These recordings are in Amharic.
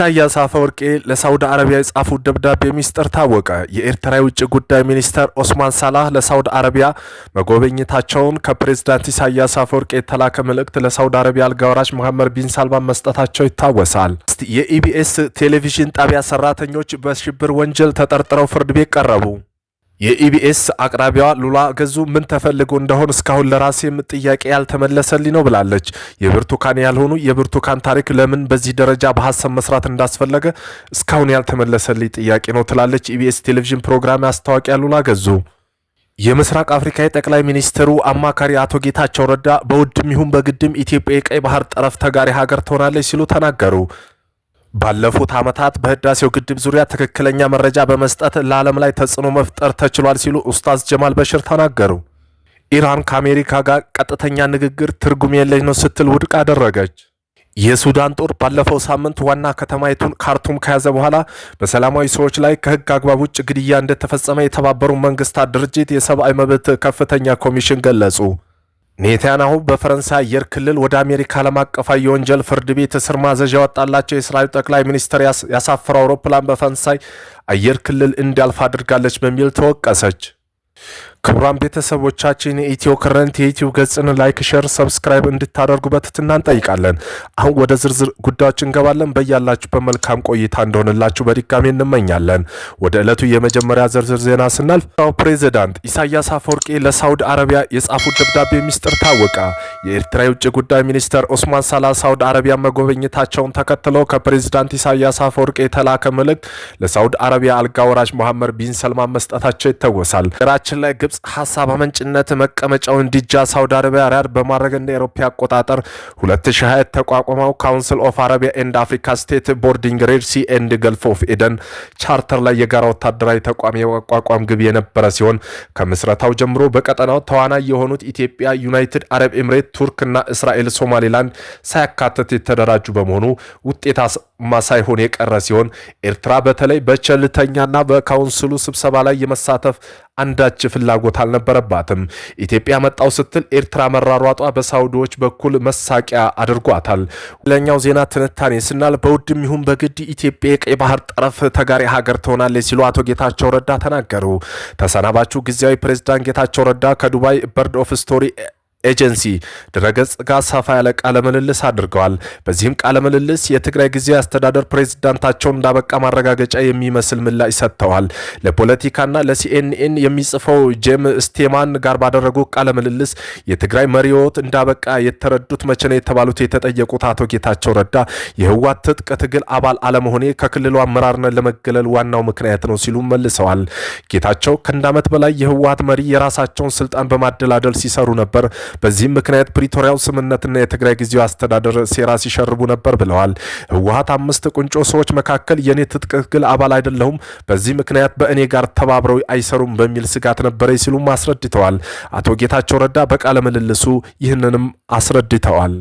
ኢሳያስ አፈወርቄ ለሳውዲ አረቢያ የጻፉት ደብዳቤ ሚስጥር ታወቀ። የኤርትራ የውጭ ጉዳይ ሚኒስተር ኦስማን ሳላህ ለሳውዲ አረቢያ መጎበኘታቸውን ከፕሬዝዳንት ኢሳያስ አፈወርቄ የተላከ መልእክት ለሳውዲ አረቢያ አልጋወራሽ መሐመድ ቢን ሳልማን መስጠታቸው ይታወሳል። የኢቢኤስ ቴሌቪዥን ጣቢያ ሰራተኞች በሽብር ወንጀል ተጠርጥረው ፍርድ ቤት ቀረቡ። የኢቢኤስ አቅራቢዋ ሉላ ገዙ ምን ተፈልጎ እንደሆን እስካሁን ለራሴም ጥያቄ ያልተመለሰልኝ ነው ብላለች። የብርቱካን ያልሆኑ የብርቱካን ታሪክ ለምን በዚህ ደረጃ በሀሳብ መስራት እንዳስፈለገ እስካሁን ያልተመለሰልኝ ጥያቄ ነው ትላለች ኢቢኤስ ቴሌቪዥን ፕሮግራም ማስታወቂያ ሉላ ገዙ። የምስራቅ አፍሪካ የጠቅላይ ሚኒስትሩ አማካሪ አቶ ጌታቸው ረዳ በውድም ይሁን በግድም ኢትዮጵያ የቀይ ባህር ጠረፍ ተጋሪ ሀገር ትሆናለች ሲሉ ተናገሩ። ባለፉት ዓመታት በህዳሴው ግድብ ዙሪያ ትክክለኛ መረጃ በመስጠት ለዓለም ላይ ተጽዕኖ መፍጠር ተችሏል ሲሉ ኡስታዝ ጀማል በሽር ተናገሩ። ኢራን ከአሜሪካ ጋር ቀጥተኛ ንግግር ትርጉም የለሽ ነው ስትል ውድቅ አደረገች። የሱዳን ጦር ባለፈው ሳምንት ዋና ከተማይቱን ካርቱም ከያዘ በኋላ በሰላማዊ ሰዎች ላይ ከህግ አግባብ ውጭ ግድያ እንደተፈጸመ የተባበሩ መንግስታት ድርጅት የሰብአዊ መብት ከፍተኛ ኮሚሽን ገለጹ። ኔታንያሁ በፈረንሳይ አየር ክልል ወደ አሜሪካ ዓለም አቀፋዊ የወንጀል ፍርድ ቤት እስር ማዘዣ ያወጣላቸው የእስራኤል ጠቅላይ ሚኒስትር ያሳፈረው አውሮፕላን በፈረንሳይ አየር ክልል እንዲያልፍ አድርጋለች በሚል ተወቀሰች። ክቡራን ቤተሰቦቻችን የኢትዮ ከረንት የዩትዩብ ገጽን ላይክ፣ ሼር፣ ሰብስክራይብ እንድታደርጉ በትትና እንጠይቃለን። አሁን ወደ ዝርዝር ጉዳዮች እንገባለን። በያላችሁ በመልካም ቆይታ እንደሆንላችሁ በድጋሚ እንመኛለን። ወደ ዕለቱ የመጀመሪያ ዝርዝር ዜና ስናልፍ ፕሬዚዳንት ኢሳያስ አፈወርቄ ለሳውዲ አረቢያ የጻፉት ደብዳቤ ሚስጥር ታወቀ። የኤርትራ የውጭ ጉዳይ ሚኒስተር ኦስማን ሳላ ሳውድ አረቢያ መጎብኘታቸውን ተከትለው ከፕሬዚዳንት ኢሳያስ አፈወርቄ የተላከ መልእክት ለሳውድ አረቢያ አልጋ ወራሽ መሐመድ ቢን ሰልማን መስጠታቸው ይታወሳል። ራችን ላይ ግብፅ ሀሳብ አመንጭነት መቀመጫውን ዲጃ ሳውዲ አረቢያ ሪያድ በማድረግ እንደ አውሮፓ አቆጣጠር 2020 ተቋቋመው ካውንስል ኦፍ አረቢያ ኤንድ አፍሪካ ስቴት ቦርዲንግ ሬድ ሲ ኤንድ ገልፍ ኦፍ ኤደን ቻርተር ላይ የጋራ ወታደራዊ ተቋም የማቋቋም ግብ የነበረ ሲሆን ከምስረታው ጀምሮ በቀጠናው ተዋናይ የሆኑት ኢትዮጵያ፣ ዩናይትድ አረብ ኤምሬት፣ እና እስራኤል ሶማሌላንድ ሳያካተት የተደራጁ በመሆኑ ውጤታማ ሳይሆን የቀረ ሲሆን ኤርትራ በተለይ በቸልተኛና በካውንስሉ ስብሰባ ላይ የመሳተፍ አንዳች ፍላጎት አልነበረባትም። ኢትዮጵያ መጣው ስትል ኤርትራ መራሯጧ በሳውዲዎች በኩል መሳቂያ አድርጓታል። ለኛው ዜና ትንታኔ ስናል በውድም ይሁን በግድ ኢትዮጵያ የቀይ ባህር ጠረፍ ተጋሪ ሀገር ትሆናለች ሲሉ አቶ ጌታቸው ረዳ ተናገሩ። ተሰናባቹ ጊዜያዊ ፕሬዝዳንት ጌታቸው ረዳ ከዱባይ በርድ ኦፍ ስቶሪ ኤጀንሲ ድረገጽ ጋር ሰፋ ያለ ቃለ ምልልስ አድርገዋል። በዚህም ቃለ ምልልስ የትግራይ ጊዜያዊ አስተዳደር ፕሬዚዳንታቸውን እንዳበቃ ማረጋገጫ የሚመስል ምላሽ ሰጥተዋል። ለፖለቲካና ለሲኤንኤን የሚጽፈው ጄም ስቴማን ጋር ባደረጉ ቃለ ምልልስ የትግራይ መሪዎት እንዳበቃ የተረዱት መቼ ነው የተባሉት የተጠየቁት አቶ ጌታቸው ረዳ የህዋት ትጥቅ ትግል አባል አለመሆኔ ከክልሉ አመራርነት ለመገለል ዋናው ምክንያት ነው ሲሉ መልሰዋል። ጌታቸው ከአንድ ዓመት በላይ የህወሓት መሪ የራሳቸውን ስልጣን በማደላደል ሲሰሩ ነበር በዚህም ምክንያት ፕሪቶሪያው ስምምነትና የትግራይ ጊዜው አስተዳደር ሴራ ሲሸርቡ ነበር ብለዋል። ህወሀት አምስት ቁንጮ ሰዎች መካከል የኔ ትጥቅ ትግል አባል አይደለሁም፣ በዚህ ምክንያት በእኔ ጋር ተባብረው አይሰሩም በሚል ስጋት ነበረ ሲሉም አስረድተዋል። አቶ ጌታቸው ረዳ በቃለ ምልልሱ ይህንንም አስረድተዋል።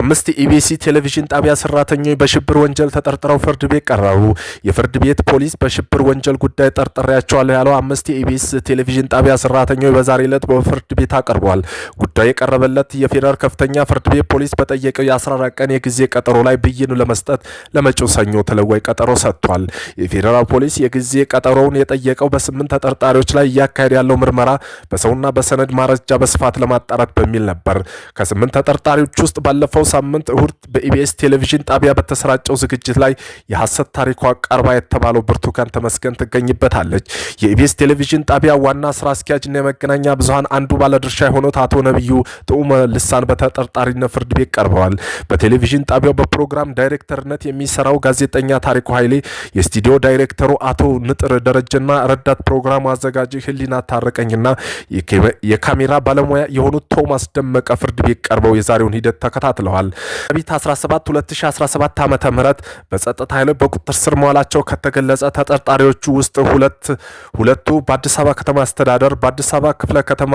አምስት ኢቢሲ ቴሌቪዥን ጣቢያ ሰራተኞች በሽብር ወንጀል ተጠርጥረው ፍርድ ቤት ቀረቡ። የፍርድ ቤት ፖሊስ በሽብር ወንጀል ጉዳይ ጠርጥሬያቸዋለሁ ያለው አምስት የኢቢሲ ቴሌቪዥን ጣቢያ ሰራተኞች በዛሬ ዕለት በፍርድ ቤት አቅርቧል። ጉዳዩ የቀረበለት የፌዴራል ከፍተኛ ፍርድ ቤት ፖሊስ በጠየቀው የ14 ቀን የጊዜ ቀጠሮ ላይ ብይን ለመስጠት ለመጪው ሰኞ ተለዋጭ ቀጠሮ ሰጥቷል። የፌዴራል ፖሊስ የጊዜ ቀጠሮውን የጠየቀው በስምንት ተጠርጣሪዎች ላይ እያካሄደ ያለው ምርመራ በሰውና በሰነድ ማረጃ በስፋት ለማጣራት በሚል ነበር። ከስምንት ተጠርጣሪዎች ውስጥ ባለፈው ባለፈው ሳምንት እሁድ በኢቢኤስ ቴሌቪዥን ጣቢያ በተሰራጨው ዝግጅት ላይ የሐሰት ታሪኳ ቀርባ የተባለው ብርቱካን ተመስገን ትገኝበታለች። የኢቢኤስ ቴሌቪዥን ጣቢያ ዋና ስራ አስኪያጅና የመገናኛ ብዙሀን አንዱ ባለድርሻ የሆኑት አቶ ነቢዩ ጥዑመ ልሳን በተጠርጣሪነት ፍርድ ቤት ቀርበዋል። በቴሌቪዥን ጣቢያው በፕሮግራም ዳይሬክተርነት የሚሰራው ጋዜጠኛ ታሪኩ ኃይሌ፣ የስቱዲዮ ዳይሬክተሩ አቶ ንጥር ደረጀና ረዳት ፕሮግራሙ አዘጋጅ ህሊና ታረቀኝና የካሜራ ባለሙያ የሆኑት ቶማስ ደመቀ ፍርድ ቤት ቀርበው የዛሬውን ሂደት ተከታትለ አክለዋል። ቢት 17 2017 ዓ ም በጸጥታ ኃይሎች በቁጥጥር ስር መዋላቸው ከተገለጸ ተጠርጣሪዎቹ ውስጥ ሁለት ሁለቱ በአዲስ አበባ ከተማ አስተዳደር በአዲስ አበባ ክፍለ ከተማ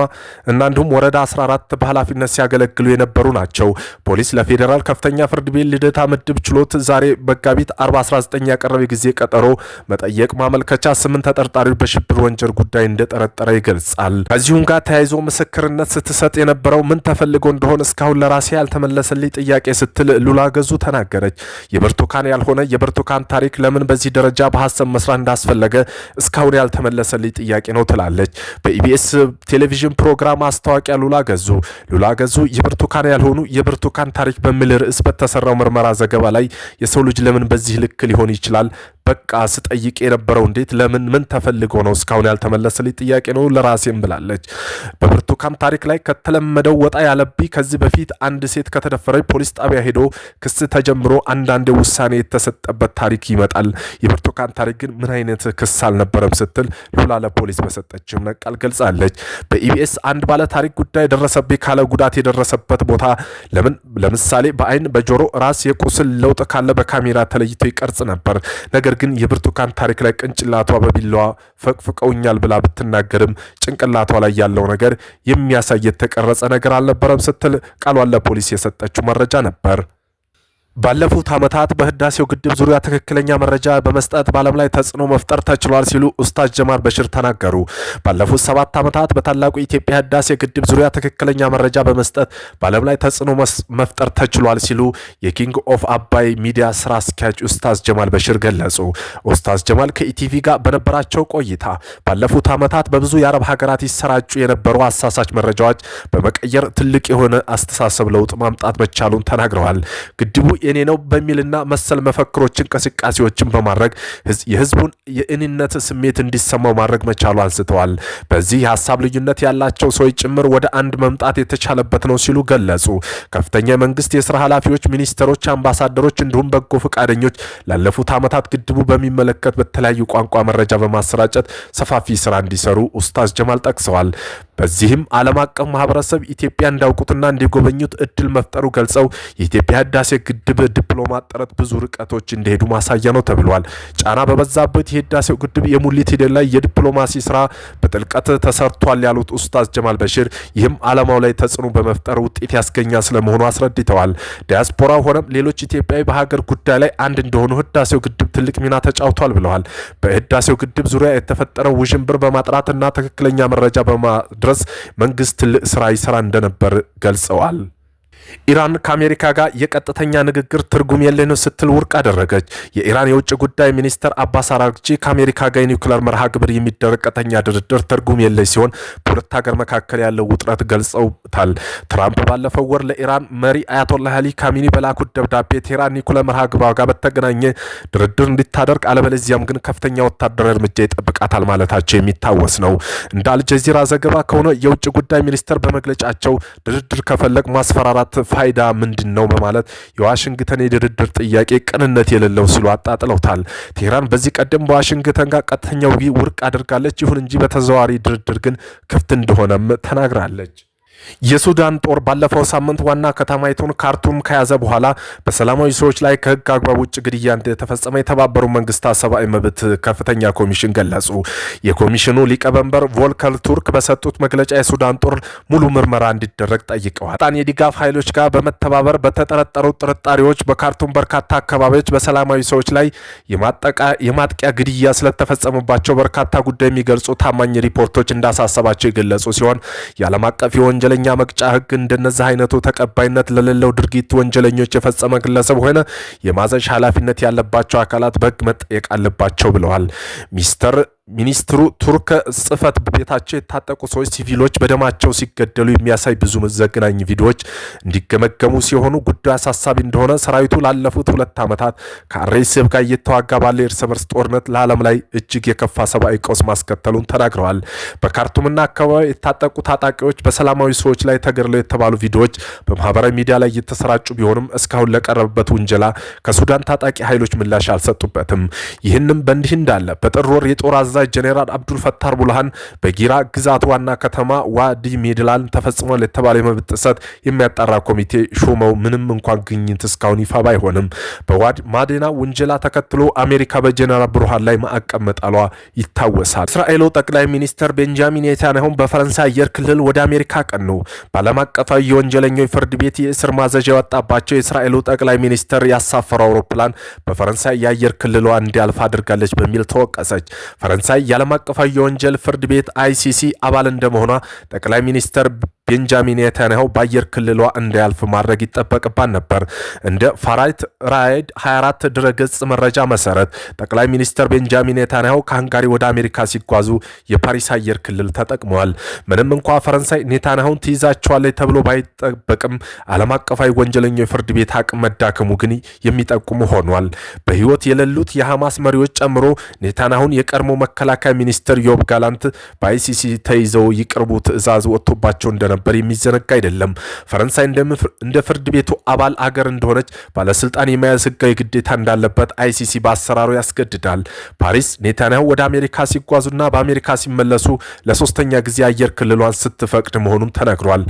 እና እንዲሁም ወረዳ 14 በኃላፊነት ሲያገለግሉ የነበሩ ናቸው። ፖሊስ ለፌዴራል ከፍተኛ ፍርድ ቤት ልደታ ምድብ ችሎት ዛሬ መጋቢት 419 ያቀረበ ጊዜ ቀጠሮ መጠየቅ ማመልከቻ ስምንት ተጠርጣሪዎች በሽብር ወንጀል ጉዳይ እንደጠረጠረ ይገልጻል። ከዚሁም ጋር ተያይዞ ምስክርነት ስትሰጥ የነበረው ምን ተፈልጎ እንደሆነ እስካሁን ለራሴ ያልተመለሰ የመለስልኝ ጥያቄ ስትል ሉላ ገዙ ተናገረች። የብርቱካን ያልሆነ የብርቱካን ታሪክ ለምን በዚህ ደረጃ በሀሰብ መስራት እንዳስፈለገ እስካሁን ያልተመለሰልኝ ጥያቄ ነው ትላለች። በኢቢኤስ ቴሌቪዥን ፕሮግራም ማስታወቂያ ሉላ ገዙ ሉላ ገዙ የብርቱካን ያልሆኑ የብርቱካን ታሪክ በሚል ርዕስ በተሰራው ምርመራ ዘገባ ላይ የሰው ልጅ ለምን በዚህ ልክ ሊሆን ይችላል በቃ ስጠይቅ የነበረው እንዴት ለምን ምን ተፈልጎ ነው እስካሁን ያልተመለሰልኝ ጥያቄ ነው ለራሴም ብላለች። በብርቱካን ታሪክ ላይ ከተለመደው ወጣ ያለቢ ከዚህ በፊት አንድ ሴት ከተደፈረች ፖሊስ ጣቢያ ሄዶ ክስ ተጀምሮ አንዳንዴ ውሳኔ የተሰጠበት ታሪክ ይመጣል። የብርቱካን ታሪክ ግን ምን አይነት ክስ አልነበረም ስትል ሉላ ለፖሊስ በሰጠችም ነቃል ገልጻለች። በኢቢኤስ አንድ ባለ ታሪክ ጉዳይ ደረሰብኝ ካለ ጉዳት የደረሰበት ቦታ ለምሳሌ በአይን በጆሮ ራስ የቁስል ለውጥ ካለ በካሜራ ተለይቶ ይቀርጽ ነበር ነገር ግን የብርቱካን ታሪክ ላይ ቅንጭላቷ በቢላዋ ፈቅፍቀውኛል ብላ ብትናገርም ጭንቅላቷ ላይ ያለው ነገር የሚያሳይ የተቀረጸ ነገር አልነበረም ስትል ቃሏን ለፖሊስ የሰጠችው መረጃ ነበር። ባለፉት ዓመታት በህዳሴው ግድብ ዙሪያ ትክክለኛ መረጃ በመስጠት በዓለም ላይ ተጽዕኖ መፍጠር ተችሏል ሲሉ ኡስታዝ ጀማል በሽር ተናገሩ። ባለፉት ሰባት ዓመታት በታላቁ የኢትዮጵያ ህዳሴ ግድብ ዙሪያ ትክክለኛ መረጃ በመስጠት በዓለም ላይ ተጽዕኖ መፍጠር ተችሏል ሲሉ የኪንግ ኦፍ አባይ ሚዲያ ስራ አስኪያጅ ኡስታዝ ጀማል በሽር ገለጹ። ኡስታዝ ጀማል ከኢቲቪ ጋር በነበራቸው ቆይታ ባለፉት ዓመታት በብዙ የአረብ ሀገራት ይሰራጩ የነበሩ አሳሳች መረጃዎች በመቀየር ትልቅ የሆነ አስተሳሰብ ለውጥ ማምጣት መቻሉን ተናግረዋል። ግድቡ የኔ ነው በሚልና መሰል መፈክሮች እንቅስቃሴዎችን በማድረግ የህዝቡን የእኔነት ስሜት እንዲሰማው ማድረግ መቻሉ አንስተዋል። በዚህ የሀሳብ ልዩነት ያላቸው ሰዎች ጭምር ወደ አንድ መምጣት የተቻለበት ነው ሲሉ ገለጹ። ከፍተኛ የመንግስት የስራ ኃላፊዎች፣ ሚኒስትሮች፣ አምባሳደሮች እንዲሁም በጎ ፈቃደኞች ላለፉት ዓመታት ግድቡ በሚመለከት በተለያዩ ቋንቋ መረጃ በማሰራጨት ሰፋፊ ስራ እንዲሰሩ ኡስታዝ ጀማል ጠቅሰዋል። በዚህም ዓለም አቀፍ ማህበረሰብ ኢትዮጵያ እንዳውቁትና እንዲጎበኙት እድል መፍጠሩ ገልጸው የኢትዮጵያ ህዳሴ ግድብ ዲፕሎማት ጥረት ብዙ ርቀቶች እንደሄዱ ማሳያ ነው ተብሏል። ጫና በበዛበት የህዳሴው ግድብ የሙሊት ሂደት ላይ የዲፕሎማሲ ስራ በጥልቀት ተሰርቷል ያሉት ኡስታዝ ጀማል በሽር ይህም ዓላማው ላይ ተጽዕኖ በመፍጠር ውጤት ያስገኛ ስለመሆኑ አስረድተዋል። ዲያስፖራ ሆነም ሌሎች ኢትዮጵያዊ በሀገር ጉዳይ ላይ አንድ እንደሆኑ ህዳሴው ግድብ ትልቅ ሚና ተጫውቷል ብለዋል። በህዳሴው ግድብ ዙሪያ የተፈጠረው ውዥንብር በማጥራትና ትክክለኛ መረጃ በማድረስ ድረስ መንግስት ትልቅ ስራ ይሰራ እንደነበር ገልጸዋል። ኢራን ከአሜሪካ ጋር የቀጥተኛ ንግግር ትርጉም የለን ስትል ውርቅ አደረገች። የኢራን የውጭ ጉዳይ ሚኒስትር አባስ አራግቺ ከአሜሪካ ጋር የኒውክሌር መርሃ ግብር የሚደረግ ቀጥተኛ ድርድር ትርጉም የለሽ ሲሆን በሁለት ሀገር መካከል ያለው ውጥረት ገልጸውታል። ትራምፕ ባለፈው ወር ለኢራን መሪ አያቶላህ አሊ ካሚኒ በላኩት ደብዳቤ ቴህራን ኒውክሌር መርሃ ግብሯ ጋር በተገናኘ ድርድር እንዲታደርግ አለበለዚያም ግን ከፍተኛ ወታደራዊ እርምጃ ይጠብቃታል ማለታቸው የሚታወስ ነው። እንደ አልጀዚራ ዘገባ ከሆነ የውጭ ጉዳይ ሚኒስትር በመግለጫቸው ድርድር ከፈለግ ማስፈራራት መግባባት ፋይዳ ምንድን ነው በማለት የዋሽንግተን የድርድር ጥያቄ ቅንነት የሌለው ሲሉ አጣጥለውታል። ቴህራን በዚህ ቀደም በዋሽንግተን ጋር ቀጥተኛው ውርቅ አድርጋለች። ይሁን እንጂ በተዘዋዋሪ ድርድር ግን ክፍት እንደሆነም ተናግራለች። የሱዳን ጦር ባለፈው ሳምንት ዋና ከተማይቱን ካርቱም ከያዘ በኋላ በሰላማዊ ሰዎች ላይ ከህግ አግባብ ውጭ ግድያ እንደተፈጸመ የተባበሩ መንግስታት ሰብአዊ መብት ከፍተኛ ኮሚሽን ገለጹ። የኮሚሽኑ ሊቀመንበር ቮልከር ቱርክ በሰጡት መግለጫ የሱዳን ጦር ሙሉ ምርመራ እንዲደረግ ጠይቀዋል። ጣን የድጋፍ ኃይሎች ጋር በመተባበር በተጠረጠሩ ጥርጣሬዎች በካርቱም በርካታ አካባቢዎች በሰላማዊ ሰዎች ላይ የማጥቂያ ግድያ ስለተፈጸመባቸው በርካታ ጉዳይ የሚገልጹ ታማኝ ሪፖርቶች እንዳሳሰባቸው የገለጹ ሲሆን የዓለም አቀፍ የወንጀል ወንጀለኛ መቅጫ ህግ እንደነዚህ አይነቱ ተቀባይነት ለሌለው ድርጊት ወንጀለኞች የፈጸመ ግለሰብ ሆነ የማዘዣ ኃላፊነት ያለባቸው አካላት በህግ መጠየቅ አለባቸው ብለዋል ሚስተር ሚኒስትሩ ቱርክ ጽህፈት ቤታቸው የታጠቁ ሰዎች ሲቪሎች በደማቸው ሲገደሉ የሚያሳይ ብዙ ዘግናኝ ቪዲዮዎች እንዲገመገሙ ሲሆኑ ጉዳዩ አሳሳቢ እንደሆነ ሰራዊቱ ላለፉት ሁለት ዓመታት ከአርኤስኤፍ ጋር እየተዋጋ ባለ የእርስ በርስ ጦርነት ለዓለም ላይ እጅግ የከፋ ሰብአዊ ቀውስ ማስከተሉን ተናግረዋል። በካርቱምና አካባቢ የታጠቁ ታጣቂዎች በሰላማዊ ሰዎች ላይ ተገድለው የተባሉ ቪዲዮዎች በማህበራዊ ሚዲያ ላይ እየተሰራጩ ቢሆንም እስካሁን ለቀረበበት ውንጀላ ከሱዳን ታጣቂ ኃይሎች ምላሽ አልሰጡበትም። ይህንም በእንዲህ እንዳለ በጥር ወር የጦር አዛ አዛዥ ጄኔራል አብዱል ፈታር ቡልሃን በጊራ ግዛት ዋና ከተማ ዋዲ ሜድላል ተፈጽሟል የተባለ የመብት ጥሰት የሚያጣራ ኮሚቴ ሹመው ምንም እንኳን ግኝት እስካሁን ይፋ ባይሆንም በዋድ ማዴና ውንጀላ ተከትሎ አሜሪካ በጀነራል ብሩሃን ላይ ማዕቀብ መጣሏ ይታወሳል። እስራኤሉ ጠቅላይ ሚኒስትር ቤንጃሚን ኔታንያሁን በፈረንሳይ አየር ክልል ወደ አሜሪካ ቀኑ። በዓለም አቀፋዊ የወንጀለኞች ፍርድ ቤት የእስር ማዘዣ የወጣባቸው የእስራኤሉ ጠቅላይ ሚኒስትር ያሳፈረው አውሮፕላን በፈረንሳይ የአየር ክልሏ እንዲያልፍ አድርጋለች በሚል ተወቀሰች። ፈረንሳይ የዓለም አቀፋዊ የወንጀል ፍርድ ቤት አይሲሲ አባል እንደመሆኗ ጠቅላይ ሚኒስትር ቤንጃሚን ኔታንያሁ በአየር ክልሏ እንዳያልፍ ማድረግ ይጠበቅባል ነበር። እንደ ፋራይት ራይድ 24 ድረገጽ መረጃ መሰረት ጠቅላይ ሚኒስትር ቤንጃሚን ኔታንያሁ ከሃንጋሪ ወደ አሜሪካ ሲጓዙ የፓሪስ አየር ክልል ተጠቅመዋል። ምንም እንኳ ፈረንሳይ ኔታንያሁን ትይዛቸዋለች ተብሎ ባይጠበቅም ዓለም አቀፋዊ ወንጀለኛ የፍርድ ቤት አቅም መዳከሙ ግን የሚጠቁም ሆኗል። በህይወት የሌሉት የሐማስ መሪዎች ጨምሮ ኔታንያሁን የቀድሞ መከላከያ ሚኒስትር ዮብ ጋላንት በአይሲሲ ተይዘው ይቅርቡ ትእዛዝ ወጥቶባቸው እንደነበር እንደነበር የሚዘነጋ አይደለም። ፈረንሳይ እንደ ፍርድ ቤቱ አባል አገር እንደሆነች ባለስልጣን የመያዝ ህጋዊ ግዴታ እንዳለበት አይሲሲ በአሰራሩ ያስገድዳል። ፓሪስ ኔታንያሁ ወደ አሜሪካ ሲጓዙና በአሜሪካ ሲመለሱ ለሶስተኛ ጊዜ አየር ክልሏን ስትፈቅድ መሆኑም ተነግሯል።